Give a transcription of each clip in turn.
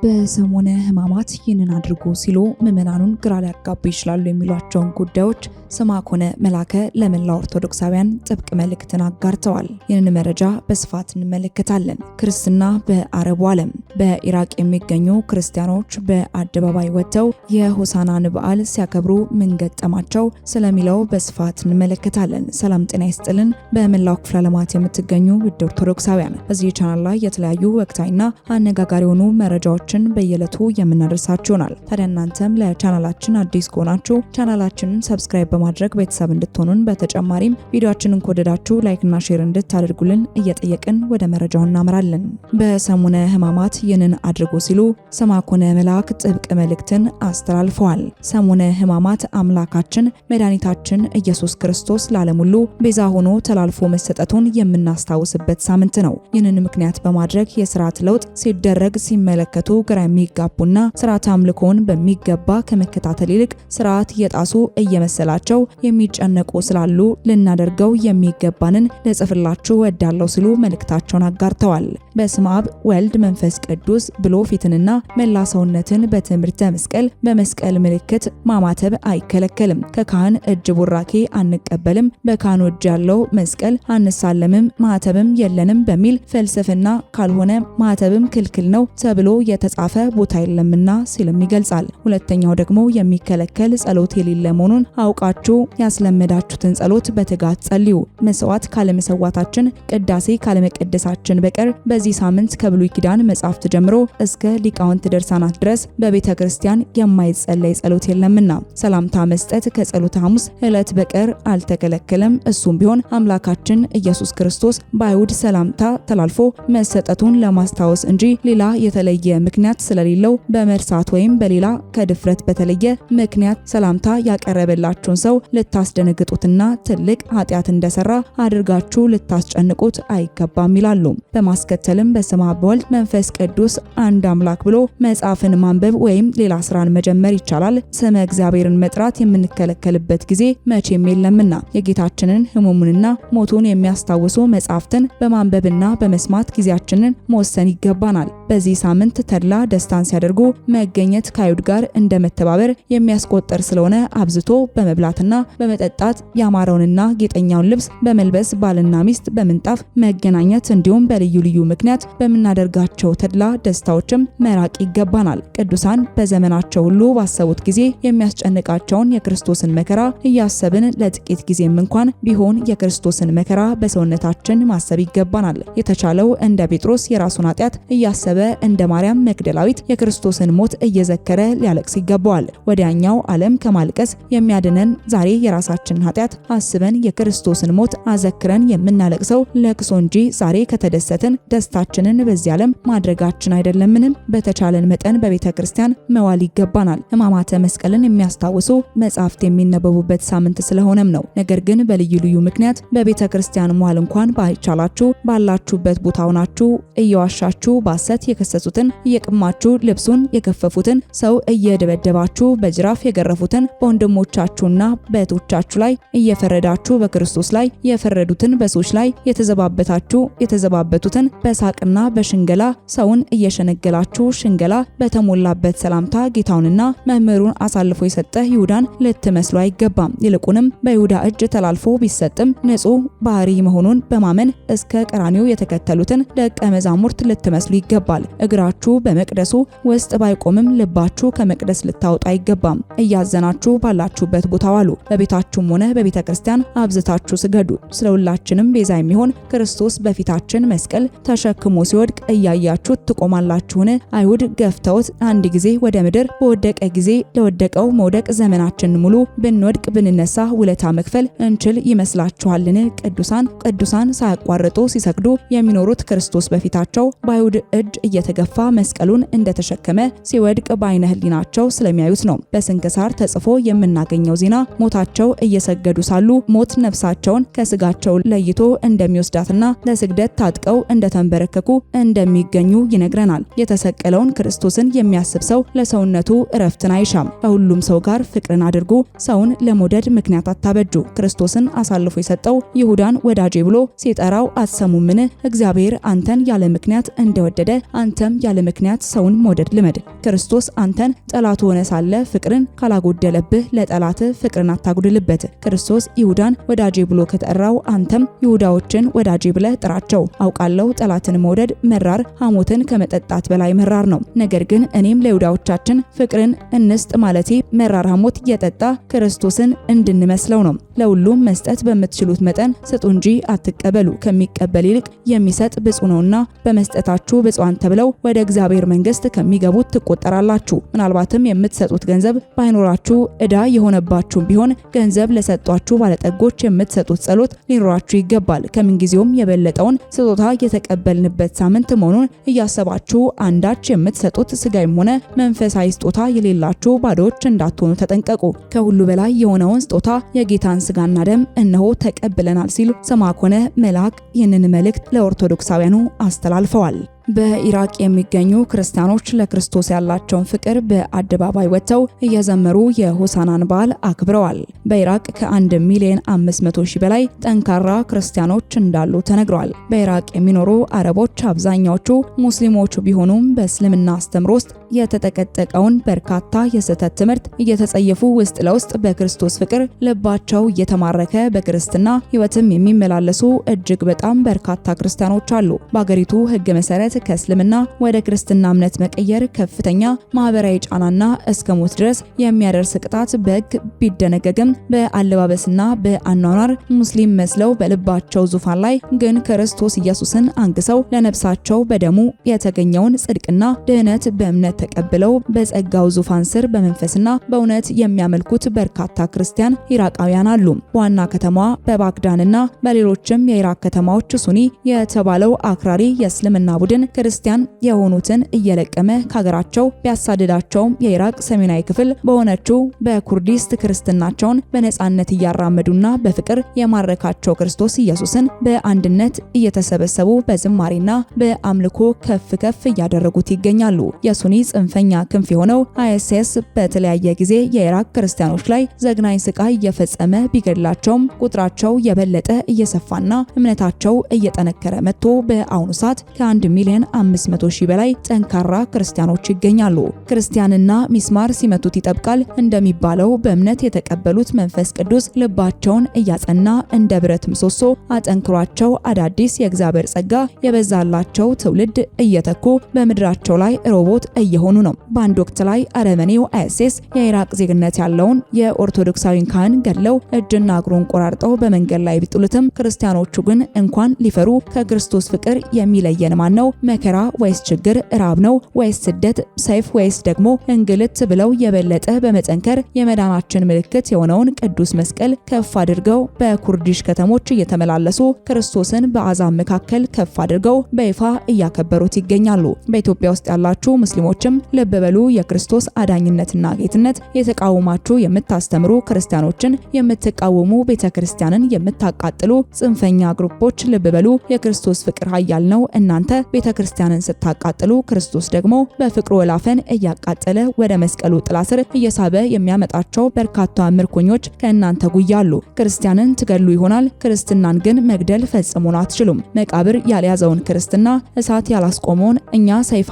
በሰሞነ ህማማት ይህንን አድርጎ ሲሉ ምዕመናኑን ግራ ሊያጋቡ ይችላሉ የሚሏቸውን ጉዳዮች ስምዐኮነ መላከ ለመላ ኦርቶዶክሳውያን ጥብቅ መልእክትን አጋርተዋል። ይህንን መረጃ በስፋት እንመለከታለን። ክርስትና በአረቡ ዓለም በኢራቅ የሚገኙ ክርስቲያኖች በአደባባይ ወጥተው የሆሳናን በዓል ሲያከብሩ ምን ገጠማቸው ስለሚለው በስፋት እንመለከታለን። ሰላም ጤና ይስጥልን። በመላው ክፍለ ዓለማት የምትገኙ ውድ ኦርቶዶክሳውያን በዚህ ቻናል ላይ የተለያዩ ወቅታዊና አነጋጋሪ የሆኑ መረጃ መረጃዎችን በየዕለቱ የምናደርሳችሁ ይሆናል። ታዲያ እናንተም ለቻናላችን አዲስ ከሆናችሁ ቻናላችንን ሰብስክራይብ በማድረግ ቤተሰብ እንድትሆኑን፣ በተጨማሪም ቪዲዮችንን ከወደዳችሁ ላይክና ሼር እንድታደርጉልን እየጠየቅን ወደ መረጃው እናምራለን። በሰሙነ ሕማማት ይህንን አድርጎ ሲሉ ሰማኮነ መልአክ ጥብቅ መልእክትን አስተላልፈዋል። ሰሙነ ሕማማት አምላካችን መድኃኒታችን ኢየሱስ ክርስቶስ ለዓለም ሁሉ ቤዛ ሆኖ ተላልፎ መሰጠቱን የምናስታውስበት ሳምንት ነው። ይህንን ምክንያት በማድረግ የስርዓት ለውጥ ሲደረግ ሲመለከቱ ሲመለከቱ ግራ የሚጋቡና ስርዓት አምልኮን በሚገባ ከመከታተል ይልቅ ስርዓት እየጣሱ እየመሰላቸው የሚጨነቁ ስላሉ ልናደርገው የሚገባንን ልጽፍላችሁ ወዳለው ሲሉ መልእክታቸውን አጋርተዋል። በስመ አብ ወልድ መንፈስ ቅዱስ ብሎ ፊትንና መላ ሰውነትን በትምህርተ መስቀል በመስቀል ምልክት ማማተብ አይከለከልም። ከካህን እጅ ቡራኬ አንቀበልም፣ በካህኑ እጅ ያለው መስቀል አንሳለምም፣ ማተብም የለንም በሚል ፍልስፍና ካልሆነ ማተብም ክልክል ነው ተብሎ የተጻፈ ቦታ የለምና ሲልም ይገልጻል። ሁለተኛው ደግሞ የሚከለከል ጸሎት የሌለ መሆኑን አውቃችሁ ያስለመዳችሁትን ጸሎት በትጋት ጸልዩ። መስዋዕት ካለመሰዋታችን ቅዳሴ ካለመቀደሳችን በቀር በዚህ በዚህ ሳምንት ከብሉይ ኪዳን መጽሐፍት ጀምሮ እስከ ሊቃውንት ድርሳናት ድረስ በቤተ ክርስቲያን የማይጸለይ ጸሎት የለምና ሰላምታ መስጠት ከጸሎተ ሐሙስ ዕለት በቀር አልተከለከለም። እሱም ቢሆን አምላካችን ኢየሱስ ክርስቶስ በአይሁድ ሰላምታ ተላልፎ መሰጠቱን ለማስታወስ እንጂ ሌላ የተለየ ምክንያት ስለሌለው በመርሳት ወይም በሌላ ከድፍረት በተለየ ምክንያት ሰላምታ ያቀረበላችሁን ሰው ልታስደነግጡትና ትልቅ ኃጢአት እንደሰራ አድርጋችሁ ልታስጨንቁት አይገባም ይላሉ። በማስከተል በመከተልም በስመ አብ መንፈስ ቅዱስ አንድ አምላክ ብሎ መጽሐፍን ማንበብ ወይም ሌላ ስራን መጀመር ይቻላል። ስመ እግዚአብሔርን መጥራት የምንከለከልበት ጊዜ መቼም የለምና የጌታችንን ህሙሙንና ሞቱን የሚያስታውሱ መጽሐፍትን በማንበብና በመስማት ጊዜያችንን መወሰን ይገባናል። በዚህ ሳምንት ተድላ ደስታን ሲያደርጉ መገኘት ከአይሁድ ጋር እንደ መተባበር የሚያስቆጠር ስለሆነ አብዝቶ በመብላትና በመጠጣት ያማረውንና ጌጠኛውን ልብስ በመልበስ ባልና ሚስት በምንጣፍ መገናኘት እንዲሁም በልዩ ልዩ ምክንያት በምናደርጋቸው ተድላ ደስታዎችም መራቅ ይገባናል። ቅዱሳን በዘመናቸው ሁሉ ባሰቡት ጊዜ የሚያስጨንቃቸውን የክርስቶስን መከራ እያሰብን ለጥቂት ጊዜም እንኳን ቢሆን የክርስቶስን መከራ በሰውነታችን ማሰብ ይገባናል። የተቻለው እንደ ጴጥሮስ የራሱን ኃጢአት እያሰበ እንደ ማርያም መግደላዊት የክርስቶስን ሞት እየዘከረ ሊያለቅስ ይገባዋል። ወዲያኛው ዓለም ከማልቀስ የሚያድነን ዛሬ የራሳችንን ኃጢአት አስበን የክርስቶስን ሞት አዘክረን የምናለቅሰው ለቅሶ እንጂ ዛሬ ከተደሰትን ደስ ደስታችንን በዚህ ዓለም ማድረጋችን አይደለምንም። በተቻለን መጠን በቤተ ክርስቲያን መዋል ይገባናል። ሕማማተ መስቀልን የሚያስታውሱ መጽሐፍት የሚነበቡበት ሳምንት ስለሆነም ነው። ነገር ግን በልዩ ልዩ ምክንያት በቤተ ክርስቲያን መዋል እንኳን ባይቻላችሁ ባላችሁበት ቦታ ሆናችሁ እየዋሻችሁ ባሰት የከሰሱትን እየቀማችሁ ልብሱን የከፈፉትን ሰው እየደበደባችሁ በጅራፍ የገረፉትን በወንድሞቻችሁና በእህቶቻችሁ ላይ እየፈረዳችሁ በክርስቶስ ላይ የፈረዱትን በሰዎች ላይ የተዘባበታችሁ የተዘባበቱትን በ በሳቅና በሽንገላ ሰውን እየሸነገላችሁ ሽንገላ በተሞላበት ሰላምታ ጌታውንና መምህሩን አሳልፎ የሰጠ ይሁዳን ልትመስሉ አይገባም። ይልቁንም በይሁዳ እጅ ተላልፎ ቢሰጥም ንጹሕ ባህሪ መሆኑን በማመን እስከ ቀራኒው የተከተሉትን ደቀ መዛሙርት ልትመስሉ ይገባል። እግራችሁ በመቅደሱ ውስጥ ባይቆምም ልባችሁ ከመቅደስ ልታወጡ አይገባም። እያዘናችሁ ባላችሁበት ቦታ ዋሉ፣ በቤታችሁም ሆነ በቤተ ክርስቲያን አብዝታችሁ ስገዱ። ስለ ሁላችንም ቤዛ የሚሆን ክርስቶስ በፊታችን መስቀል ተሸ ተሸክሞ ሲወድቅ እያያችሁት ትቆማላችሁን? አይሁድ ገፍተውት አንድ ጊዜ ወደ ምድር በወደቀ ጊዜ ለወደቀው መውደቅ ዘመናችን ሙሉ ብንወድቅ ብንነሳ ውለታ መክፈል እንችል ይመስላችኋልን? ቅዱሳን ቅዱሳን ሳያቋርጡ ሲሰግዱ የሚኖሩት ክርስቶስ በፊታቸው በአይሁድ እጅ እየተገፋ መስቀሉን እንደተሸከመ ሲወድቅ በአይነ ህሊናቸው ስለሚያዩት ነው። በስንክሳር ተጽፎ የምናገኘው ዜና ሞታቸው እየሰገዱ ሳሉ ሞት ነፍሳቸውን ከስጋቸው ለይቶ እንደሚወስዳትና ለስግደት ታጥቀው እንደተንበረ እያንበረከኩ እንደሚገኙ ይነግረናል። የተሰቀለውን ክርስቶስን የሚያስብ ሰው ለሰውነቱ እረፍትን አይሻም። ከሁሉም ሰው ጋር ፍቅርን አድርጉ። ሰውን ለመውደድ ምክንያት አታበጁ። ክርስቶስን አሳልፎ የሰጠው ይሁዳን ወዳጄ ብሎ ሲጠራው አትሰሙምን? እግዚአብሔር አንተን ያለ ምክንያት እንደወደደ አንተም ያለ ምክንያት ሰውን መውደድ ልመድ። ክርስቶስ አንተን ጠላቱ ሆነ ሳለ ፍቅርን ካላጎደለብህ ለጠላት ፍቅርን አታጉድልበት። ክርስቶስ ይሁዳን ወዳጄ ብሎ ከጠራው አንተም ይሁዳዎችን ወዳጄ ብለህ ጥራቸው። አውቃለሁ ጠላት ጌታችንን መውደድ መራር ሐሞትን ከመጠጣት በላይ መራር ነው። ነገር ግን እኔም ለይሁዳዎቻችን ፍቅርን እንስጥ ማለቴ መራር ሐሞት እየጠጣ ክርስቶስን እንድንመስለው ነው። ለሁሉም መስጠት በምትችሉት መጠን ስጡ እንጂ አትቀበሉ፣ ከሚቀበል ይልቅ የሚሰጥ ብፁ ነውና በመስጠታችሁ ብፁዓን ተብለው ወደ እግዚአብሔር መንግስት ከሚገቡት ትቆጠራላችሁ። ምናልባትም የምትሰጡት ገንዘብ ባይኖራችሁ እዳ የሆነባችሁም ቢሆን ገንዘብ ለሰጧችሁ ባለጠጎች የምትሰጡት ጸሎት ሊኖራችሁ ይገባል። ከምንጊዜውም የበለጠውን ስጦታ የተቀበል የዋልንበት ሳምንት መሆኑን እያሰባችሁ አንዳች የምትሰጡት ስጋይም ሆነ መንፈሳዊ ስጦታ የሌላችሁ ባዶዎች እንዳትሆኑ ተጠንቀቁ። ከሁሉ በላይ የሆነውን ስጦታ የጌታን ስጋና ደም እነሆ ተቀብለናል ሲሉ ሰማኮነ መልአክ ይህንን መልእክት ለኦርቶዶክሳውያኑ አስተላልፈዋል። በኢራቅ የሚገኙ ክርስቲያኖች ለክርስቶስ ያላቸውን ፍቅር በአደባባይ ወጥተው እየዘመሩ የሆሳናን በዓል አክብረዋል። በኢራቅ ከ1 ሚሊዮን 500 ሺህ በላይ ጠንካራ ክርስቲያኖች እንዳሉ ተነግሯል። በኢራቅ የሚኖሩ አረቦች አብዛኛዎቹ ሙስሊሞቹ ቢሆኑም በእስልምና አስተምሮ ውስጥ የተጠቀጠቀውን በርካታ የስህተት ትምህርት እየተጸየፉ ውስጥ ለውስጥ በክርስቶስ ፍቅር ልባቸው እየተማረከ በክርስትና ሕይወትም የሚመላለሱ እጅግ በጣም በርካታ ክርስቲያኖች አሉ። በአገሪቱ ሕግ መሰረት ከእስልምና ወደ ክርስትና እምነት መቀየር ከፍተኛ ማህበራዊ ጫናና እስከ ሞት ድረስ የሚያደርስ ቅጣት በሕግ ቢደነገግም በአለባበስና በአኗኗር ሙስሊም መስለው በልባቸው ዙፋን ላይ ግን ክርስቶስ ኢየሱስን አንግሰው ለነፍሳቸው በደሙ የተገኘውን ጽድቅና ድህነት በእምነት ተቀብለው በጸጋው ዙፋን ስር በመንፈስና በእውነት የሚያመልኩት በርካታ ክርስቲያን ኢራቃውያን አሉ። በዋና ከተማዋ በባግዳንና በሌሎችም የኢራቅ ከተማዎች ሱኒ የተባለው አክራሪ የእስልምና ቡድን ክርስቲያን የሆኑትን እየለቀመ ከሀገራቸው ቢያሳድዳቸውም የኢራቅ ሰሜናዊ ክፍል በሆነችው በኩርዲስት ክርስትናቸውን በነጻነት እያራመዱና በፍቅር የማረካቸው ክርስቶስ ኢየሱስን በአንድነት እየተሰበሰቡ በዝማሬና በአምልኮ ከፍ ከፍ እያደረጉት ይገኛሉ። የሱኒ ጽንፈኛ ክንፍ የሆነው አይኤስኤስ በተለያየ ጊዜ የኢራቅ ክርስቲያኖች ላይ ዘግናኝ ስቃይ እየፈጸመ ቢገድላቸውም ቁጥራቸው የበለጠ እየሰፋና እምነታቸው እየጠነከረ መጥቶ በአሁኑ ሰዓት ከ1 ሚሊዮን 500 ሺህ በላይ ጠንካራ ክርስቲያኖች ይገኛሉ። ክርስቲያንና ሚስማር ሲመቱት ይጠብቃል እንደሚባለው በእምነት የተቀበሉት መንፈስ ቅዱስ ልባቸውን እያጸና እንደ ብረት ምሰሶ አጠንክሯቸው አዳዲስ የእግዚአብሔር ጸጋ የበዛላቸው ትውልድ እየተኩ በምድራቸው ላይ ሮቦት እየሆኑ ነው። በአንድ ወቅት ላይ አረመኔው አይሲስ የኢራቅ ዜግነት ያለውን የኦርቶዶክሳዊን ካህን ገድለው እጅና እግሩን ቆራርጠው በመንገድ ላይ ቢጥሉትም ክርስቲያኖቹ ግን እንኳን ሊፈሩ ከክርስቶስ ፍቅር የሚለየን ማን ነው? መከራ ወይስ ችግር፣ ራብ ነው ወይስ ስደት፣ ሰይፍ ወይስ ደግሞ እንግልት ብለው የበለጠ በመጠንከር የመዳናችን ምልክት የሆነውን ያለውን ቅዱስ መስቀል ከፍ አድርገው በኩርዲሽ ከተሞች እየተመላለሱ ክርስቶስን በአዛም መካከል ከፍ አድርገው በይፋ እያከበሩት ይገኛሉ። በኢትዮጵያ ውስጥ ያላችሁ ሙስሊሞችም ልብ በሉ። የክርስቶስ አዳኝነትና ጌትነት የተቃወማችሁ የምታስተምሩ ክርስቲያኖችን የምትቃወሙ ቤተክርስቲያንን የምታቃጥሉ ጽንፈኛ ግሩፖች ልብ በሉ። የክርስቶስ ፍቅር ኃያል ነው። እናንተ ቤተክርስቲያንን ስታቃጥሉ ክርስቶስ ደግሞ በፍቅሩ ወላፈን እያቃጠለ ወደ መስቀሉ ጥላ ስር እየሳበ የሚያመጣቸው በርካታ ምርኮኞ ጓደኞች ከእናንተ ጉያሉ ክርስቲያንን ትገሉ ይሆናል፣ ክርስትናን ግን መግደል ፈጽሞን አትችሉም። መቃብር ያልያዘውን ክርስትና፣ እሳት ያላስቆመውን እኛ ሰይፍ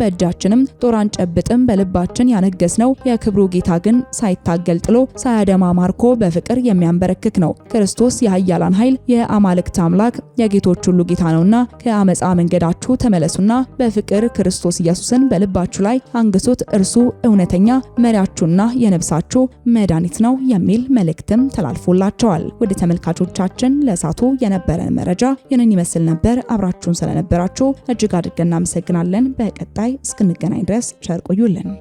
በእጃችንም ጦር አንጨብጥም፣ በልባችን ያነገስ ነው። የክብሩ ጌታ ግን ሳይታገል ጥሎ ሳያደማ ማርኮ በፍቅር የሚያንበረክክ ነው። ክርስቶስ የኃያላን ኃይል የአማልክት አምላክ የጌቶች ሁሉ ጌታ ነውና ከአመፃ መንገዳችሁ ተመለሱና በፍቅር ክርስቶስ ኢየሱስን በልባችሁ ላይ አንግሱት። እርሱ እውነተኛ መሪያችሁና የነፍሳችሁ መድኃኒት ነው። የሚል መልእክትም ተላልፎላቸዋል። ወደ ተመልካቾቻችን ለእሳቱ የነበረን መረጃ ይህንን ይመስል ነበር። አብራችሁን ስለነበራችሁ እጅግ አድርገን እናመሰግናለን። በቀጣይ እስክንገናኝ ድረስ ቸር ቆዩልን።